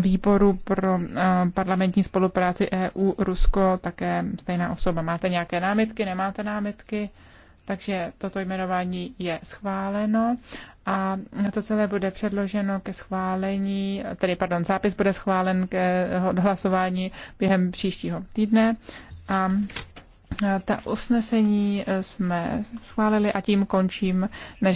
výboru pro eh, parlamentní spolupráci EU-Rusko také stejná osoba. Máte nějaké námitky, nemáte námitky? Takže toto jmenování je schváleno a to celé bude předloženo ke schválení, tedy pardon, zápis bude schválen k eh, hlasování během příštího týdne. A eh, ta usnesení jsme schválili a tím končím dnešní